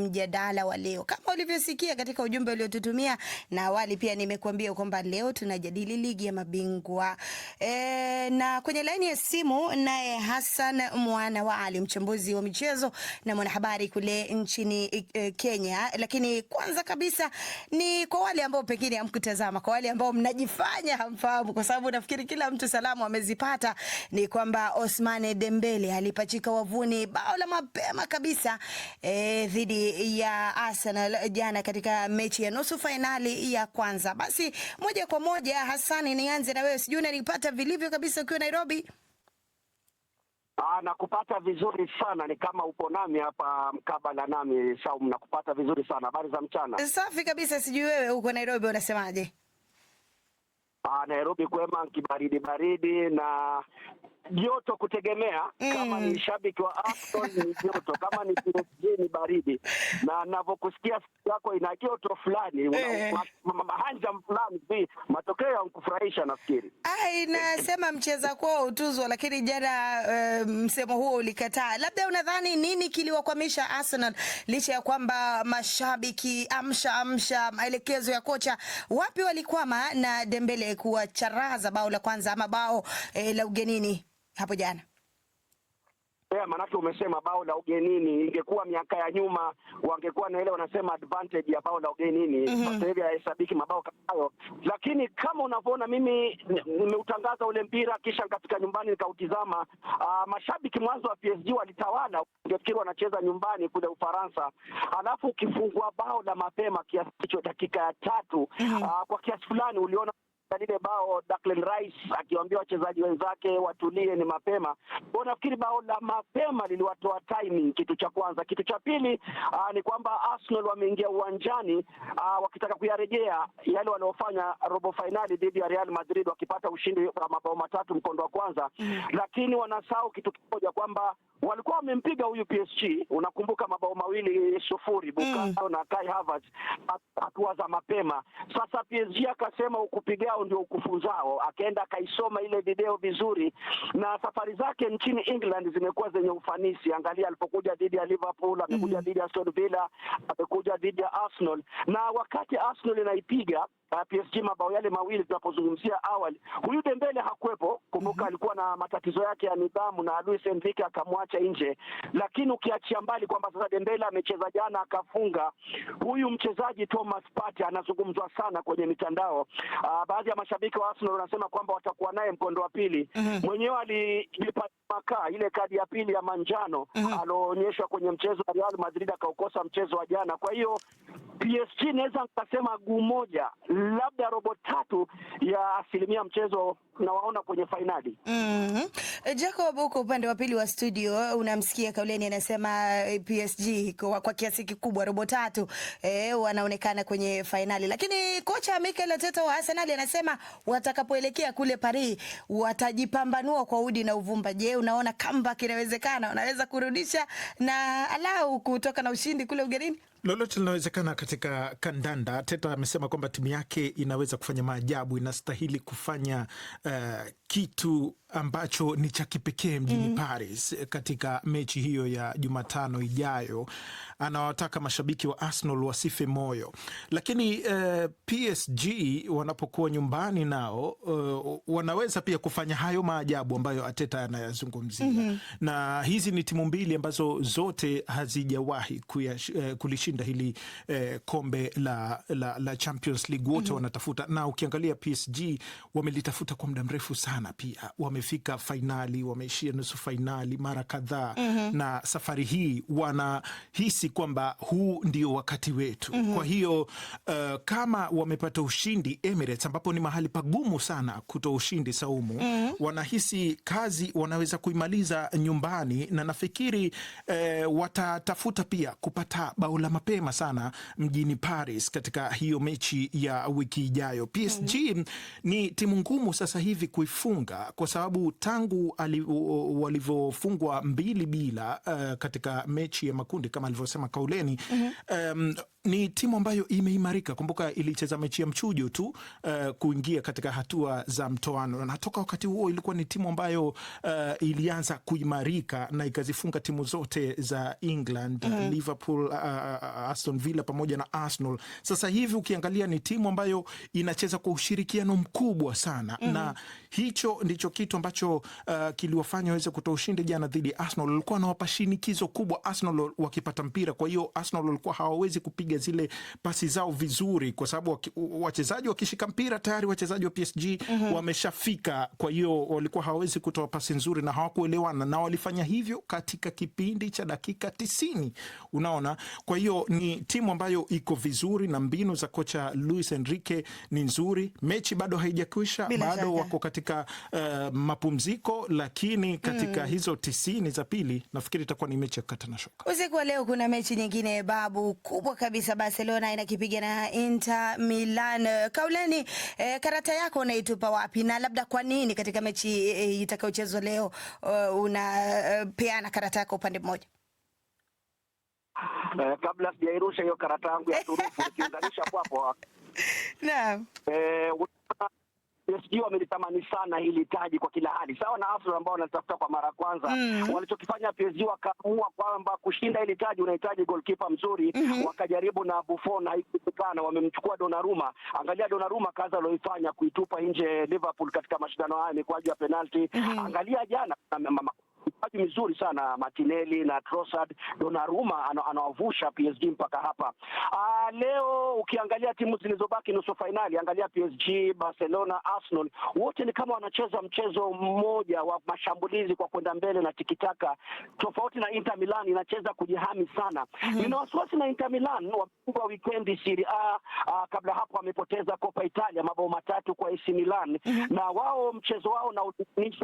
Mjadala wa leo kama ulivyosikia katika ujumbe uliotutumia na awali, pia nimekuambia kwamba leo tunajadili ligi ya mabingwa e, na kwenye laini ya simu naye Hassan Mwana wa Ali, mchambuzi wa michezo na mwanahabari kule nchini e, Kenya. Lakini kwanza kabisa ni kwa wale ambao pengine hamkutazama, kwa wale ambao mnajifanya hamfahamu, kwa sababu nafikiri kila mtu salamu amezipata, ni kwamba Ousmane Dembele alipachika wavuni bao la mapema kabisa e, dhidi ya Arsenal jana katika mechi ya nusu fainali ya kwanza. Basi moja kwa moja, Hasani, nianze na wewe, sijui unanipata vilivyo kabisa ukiwa Nairobi? Aa, ah, nakupata vizuri sana, ni kama upo nami hapa mkabala nami. Saum, nakupata vizuri sana. Habari za mchana? Safi kabisa. Sijui wewe huko Nairobi unasemaje? Aa, ah, Nairobi kwema, kibaridi baridi na joto kutegemea mm. Kama ni shabiki wa Aston ni joto, kama ni PSG ni baridi, na navyokusikia siku yako ina joto fulani eh. mahanja fulani hivi, matokeo kufurahisha. nafikiri. Inasema mcheza kwao utuzwa, lakini jana e, msemo huo ulikataa. Labda unadhani nini kiliwakwamisha Arsenal licha ya kwamba mashabiki amsha amsha, maelekezo ya kocha, wapi walikwama na Dembele kuwacharaza bao la kwanza ama bao e, la ugenini? hapo jana? Yeah, manake umesema bao la ugenini. Ingekuwa miaka ya nyuma wangekuwa na ile wanasema advantage ya bao la ugenini. Mhm. Sasa mm hivi hahesabiki mabao kama hayo, lakini kama unavyoona mimi nimeutangaza ule mpira kisha nikafika nyumbani nikautizama. Uh, mashabiki mwanzo wa PSG walitawala, ungefikiri wanacheza nyumbani kule Ufaransa, alafu ukifungua bao la mapema kiasi hicho dakika ya tatu mm -hmm. uh, kwa kiasi fulani uliona na lile bao Declan Rice akiwaambia wachezaji wenzake watulie ni mapema. Kwa nafikiri bao la mapema liliwatoa timing, kitu cha kwanza. Kitu cha pili uh, ni kwamba Arsenal wameingia uwanjani uh, wakitaka kuyarejea yale waliofanya robo fainali dhidi ya Real Madrid wakipata ushindi wa mabao matatu mkondo wa kwanza, mm. lakini wanasahau kitu kimoja kwamba walikuwa wamempiga huyu PSG, unakumbuka mabao mawili sufuri buka mm. na Kai Havertz, hatua za mapema. Sasa PSG akasema ukupigao ndio ukufunzao, akaenda akaisoma ile video vizuri, na safari zake nchini England zimekuwa zenye ufanisi. Angalia alipokuja dhidi ya Liverpool, amekuja mm. dhidi ya Aston Villa, amekuja dhidi ya Arsenal, na wakati Arsenal inaipiga uh, ah, PSG mabao yale mawili tunapozungumzia awali, huyu Dembele hakuwepo. Kumbuka mm -hmm. alikuwa na matatizo yake ya nidhamu na Luis Enrique akamwacha nje, lakini ukiachia mbali kwamba sasa Dembele amecheza jana akafunga, huyu mchezaji Thomas Partey anazungumzwa sana kwenye mitandao. Uh, baadhi ya mashabiki wa Arsenal wanasema kwamba watakuwa naye mkondo wa pili. mm -hmm. Mwenyewe alijipa makaa ile kadi ya pili ya manjano mm -hmm. alioonyeshwa kwenye mchezo wa Real Madrid, akaukosa mchezo wa jana. Kwa hiyo PSG naweza nikasema guu moja labda robo tatu ya asilimia mchezo nawaona kwenye fainali. mm -hmm. Eh, Jacob, huko upande wa pili wa studio unamsikia Kauleni anasema eh, PSG kwa, kwa kiasi kikubwa robo tatu e, wanaonekana kwenye fainali, lakini kocha Mikel Arteta wa Arsenal anasema watakapoelekea kule Paris watajipambanua kwa udi na uvumba. Je, unaona comeback inawezekana? Wanaweza kurudisha na alau kutoka na ushindi kule Ugerini? Lolote linawezekana katika kandanda. Teta amesema kwamba timu yake inaweza kufanya maajabu, inastahili kufanya uh, kitu ambacho ni cha kipekee mjini mm. Paris katika mechi hiyo ya Jumatano ijayo. Anawataka mashabiki wa Arsenal wasife moyo, lakini uh, eh, PSG wanapokuwa nyumbani nao uh, wanaweza pia kufanya hayo maajabu ambayo Ateta anayazungumzia mm -hmm. na hizi ni timu mbili ambazo zote hazijawahi uh, kulishinda hili uh, kombe la, la, la Champions League wote mm -hmm. wanatafuta, na ukiangalia PSG wamelitafuta kwa muda mrefu sana sana pia, wamefika fainali, wameishia nusu fainali mara kadhaa mm -hmm. na safari hii wanahisi kwamba huu ndio wakati wetu mm -hmm. kwa hiyo uh, kama wamepata ushindi Emirates, ambapo ni mahali pagumu sana kutoa ushindi Saumu mm -hmm. wanahisi kazi wanaweza kuimaliza nyumbani, na nafikiri uh, watatafuta pia kupata bao la mapema sana mjini Paris katika hiyo mechi ya wiki ijayo. Mhm. PSG mm -hmm. ni timu ngumu sasa hivi kuifu kufunga kwa sababu tangu walivyofungwa mbili bila uh, katika mechi ya makundi kama alivyosema Kauleni mm -hmm. um, ni timu ambayo imeimarika. Kumbuka ilicheza mechi ya mchujo tu uh, kuingia katika hatua za mtoano, na toka wakati huo ilikuwa ni timu ambayo uh, ilianza kuimarika na ikazifunga timu zote za England mm -hmm. Liverpool, uh, Aston Villa pamoja na Arsenal. Sasa hivi ukiangalia ni timu ambayo inacheza kwa ushirikiano mkubwa sana mm -hmm. na hicho ndicho kitu ambacho uh, kiliwafanya waweze kutoa ushindi jana dhidi ya Arsenal. Walikuwa wanawapa shinikizo kubwa Arsenal wakipata mpira, kwa hiyo Arsenal walikuwa hawawezi kupiga wapige zile pasi zao vizuri, kwa sababu wachezaji wakishika mpira tayari wachezaji wa PSG mm -hmm. wameshafika. Kwa hiyo walikuwa hawawezi kutoa pasi nzuri na hawakuelewana, na walifanya hivyo katika kipindi cha dakika tisini. Unaona, kwa hiyo ni timu ambayo iko vizuri na mbinu za kocha Luis Enrique ni nzuri. Mechi bado haijakwisha, bado wako katika uh, mapumziko, lakini katika mm. hizo tisini za pili nafikiri itakuwa ni mechi ya kukata na shoka. Usiku wa leo kuna mechi nyingine babu kubwa kabisa kabisa Barcelona inakipiga na Inter Milan. Kauleni, e, eh, karata yako unaitupa wapi na labda kwa nini katika mechi e, itakayochezwa leo uh, eh, unapeana uh, karata yako upande mmoja? Uh, kabla sijairusha hiyo karata yangu ya turufu ukiunganisha hapo hapo. Naam. Eh, sijui wamelitamani sana hili taji kwa kila hali, sawa na Arsenal ambao wanatafuta kwa mara ya kwanza mm. Walichokifanya PSG wakaamua kwamba kushinda hili taji unahitaji goalkeeper mzuri mm -hmm. Wakajaribu na Buffon na haikuwezekana, wamemchukua Donnarumma. Angalia Donnarumma kazi aliyoifanya kuitupa nje Liverpool katika mashindano haya, mikwaju ya penalti mm -hmm. Angalia jana mipaji mizuri sana Martinelli na Trossard, Donnarumma anawavusha PSG mpaka hapa. Aa, ah, leo ukiangalia timu zilizobaki nusu fainali, angalia PSG, Barcelona, Arsenal, wote ni kama wanacheza mchezo mmoja wa mashambulizi kwa kwenda mbele na tikitaka, tofauti na Inter Milan inacheza kujihami sana. Mhm. Nina mm -hmm. wasiwasi na Inter Milan, wamefungwa wikendi Serie A. Ah, kabla hapo wamepoteza Copa Italia mabao matatu kwa AC Milan mm -hmm. na wao mchezo wao na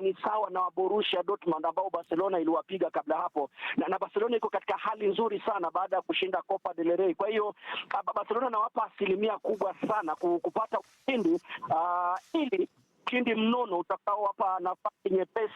ni sawa na Borussia Dortmund ambao ambao Barcelona iliwapiga kabla hapo, na, na Barcelona iko katika hali nzuri sana baada ya kushinda Copa del Rey. Kwa hiyo ah, Barcelona nawapa asilimia kubwa sana kupata ushindi uh, ili ushindi mnono utakaowapa nafasi nyepesi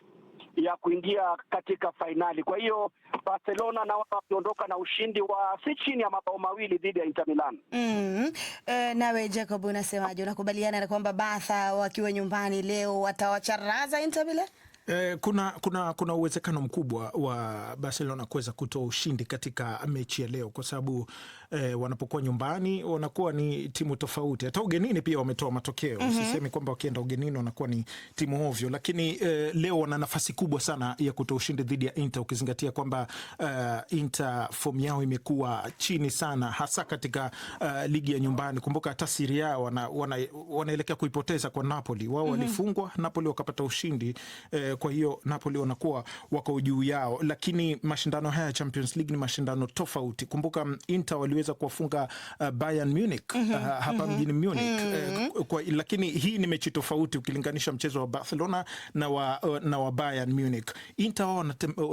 ya kuingia katika fainali. Kwa hiyo Barcelona na wao wakiondoka na ushindi wa si chini ya mabao mawili dhidi ya Inter Milan. Mm. E, nawe Jacob unasemaje? Unakubaliana na kwamba Barca wakiwa nyumbani leo watawacharaza Inter Milan? Eh, kuna, kuna, kuna uwezekano mkubwa wa Barcelona kuweza kutoa ushindi katika mechi ya leo kwa sababu eh, wanapokuwa nyumbani wanakuwa ni timu tofauti. Hata ugenini pia wametoa matokeo mm -hmm. Sisemi kwamba wakienda ugenini wanakuwa ni timu ovyo, lakini eh, leo wana nafasi kubwa sana ya kutoa ushindi dhidi ya Inter ukizingatia kwamba uh, Inter fomu yao imekuwa chini sana hasa katika uh, ligi ya nyumbani. Kumbuka hata Serie A wana, wana, wanaelekea kuipoteza kwa Napoli. Wao mhm. walifungwa mm -hmm. Napoli wakapata ushindi eh, kwa hiyo Napoli wanakuwa wako juu yao, lakini mashindano haya ya Champions League ni mashindano tofauti. Kumbuka mm, Inter wali waliweza kuwafunga uh, Bayern Munich mm -hmm, uh, mhm. hapa mhm. mjini mm -hmm, Munich mm -hmm. Uh, mhm. kwa, lakini hii ni mechi tofauti ukilinganisha mchezo wa Barcelona na wa, uh, na wa Bayern Munich. Inter wao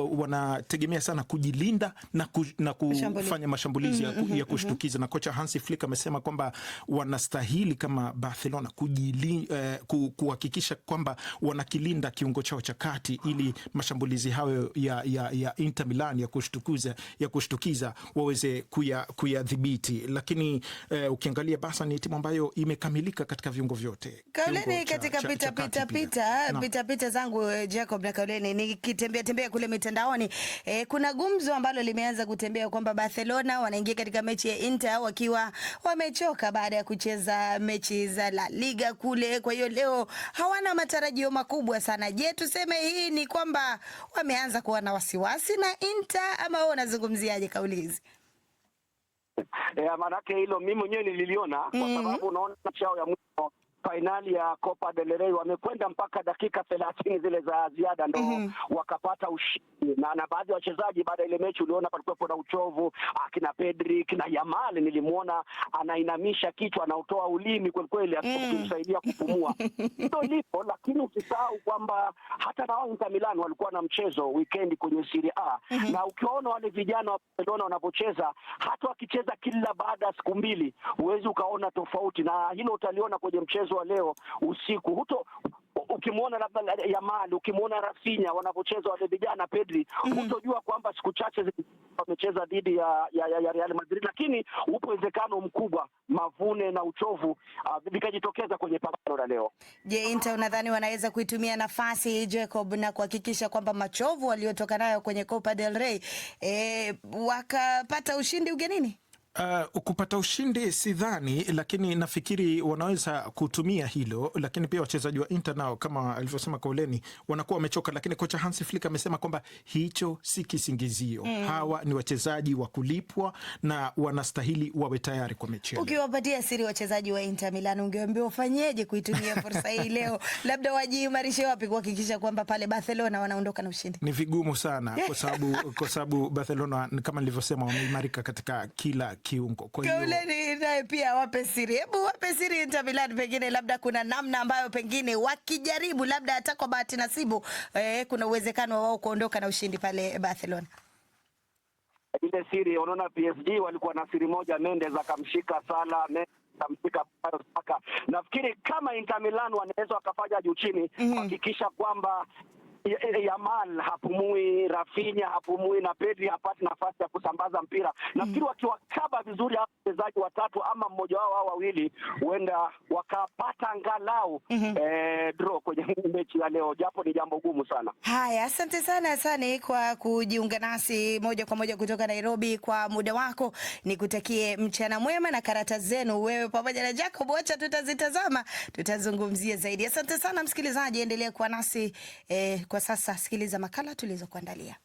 uh, wanategemea sana kujilinda na, ku, na kufanya mashambulizi mm -hmm, ya kushtukiza na kocha Hansi Flick amesema kwamba wanastahili kama Barcelona uh, kuhakikisha ku, kwamba wanakilinda kiungo chao cha kati ili mashambulizi hayo ya, ya, ya Inter Milan ya kushtukiza, ya kushtukiza waweze kuya, kuya kuyadhibiti, lakini eh, ukiangalia basa ni timu ambayo imekamilika katika viungo vyote. Kauleni katika pita pita pita pita pita zangu eh, Jacob na Kauleni, nikitembea tembea kule mitandaoni eh, kuna gumzo ambalo limeanza kutembea kwamba Barcelona wanaingia katika mechi ya Inter wakiwa wamechoka baada ya kucheza mechi za La Liga kule, kwa hiyo leo hawana matarajio makubwa sana. Je, tuseme hii ni kwamba wameanza kuwa na wasiwasi na Inter ama wao, unazungumziaje kauli hizi? Eh, maanake hilo mimi mwenyewe nililiona, kwa mm. sababu unaona chao ya mwisho fainali ya Copa del Rey wamekwenda mpaka dakika thelathini zile za ziada ndo mm -hmm. wakapata ushindi na, na baadhi ya wachezaji baada ya ile mechi uliona palikuwepo na uchovu, akina Pedri kina Yamal nilimwona anainamisha kichwa anaotoa ulimi kwelikweli mm. akimsaidia mm. kupumua ndo lipo, lakini usisahau kwamba hata na Inter Milan walikuwa na mchezo weekend kwenye Serie A mm -hmm. na ukiona wale vijana wa Barcelona hata wakicheza kila baada ya siku mbili huwezi ukaona tofauti, na hilo utaliona kwenye mchezo mchezo wa leo usiku huto ukimwona labda Yamal, ukimwona Rafinha wanavyocheza wale vijana Pedri, mm -hmm. kwamba siku chache wamecheza dhidi ya, ya, ya, ya Real Madrid, lakini upo uwezekano mkubwa mavune na uchovu ah, vikajitokeza uh, kwenye pambano la leo. Je, Inter unadhani wanaweza kuitumia nafasi hii Jacob, na kuhakikisha kwamba machovu waliotoka nayo kwenye Copa del Rey e, wakapata ushindi ugenini? Uh, kupata ushindi sidhani, lakini nafikiri wanaweza kutumia hilo, lakini pia wachezaji wa Inter nao kama alivyosema Kauleni wanakuwa wamechoka, lakini kocha Hansi Flick amesema kwamba hicho si kisingizio mm. Hawa ni wachezaji wa kulipwa na wanastahili wawe tayari kwa mechi. Ukiwapatia siri wachezaji wa Inter Milan, ungewambia ufanyeje kuitumia fursa hii leo? Labda wajiimarishe wapi kuhakikisha kwamba pale Barcelona wanaondoka na ushindi? Ni vigumu sana kwa sababu kwa sababu Barcelona kama nilivyosema wameimarika katika kila kiungo. Kwa hiyo kauleni naye pia wape siri, hebu wape siri Inter Milan, pengine labda kuna namna ambayo pengine wakijaribu labda hata kwa bahati nasibu eh, kuna uwezekano wao kuondoka na ushindi pale Barcelona. Ile siri unaona, PSG walikuwa na siri moja, Mendes akamshika sala Mendes akamshika Nafikiri kama Inter Milan wanaweza wakafanya juu chini mhm. kuhakikisha mm -hmm. kwamba Yamal hapumui, Rafinha hapumui na Pedri hapati nafasi ya kusambaza mpira. Nafikiri hmm. wakiwakaba vizuri hapo wachezaji watatu ama mmoja wao au wawili, huenda wakapata angalau mm -hmm. eh, draw kwenye mechi ya leo, japo ni jambo gumu sana. Haya, asante sana Sane kwa kujiunga nasi moja kwa moja kutoka Nairobi kwa muda wako. Nikutakie mchana mwema na karata zenu wewe pamoja na Jacob, wacha tutazitazama, tutazungumzia zaidi. Asante sana msikilizaji, endelea kuwa nasi eh, kwa sasa sikiliza makala tulizokuandalia.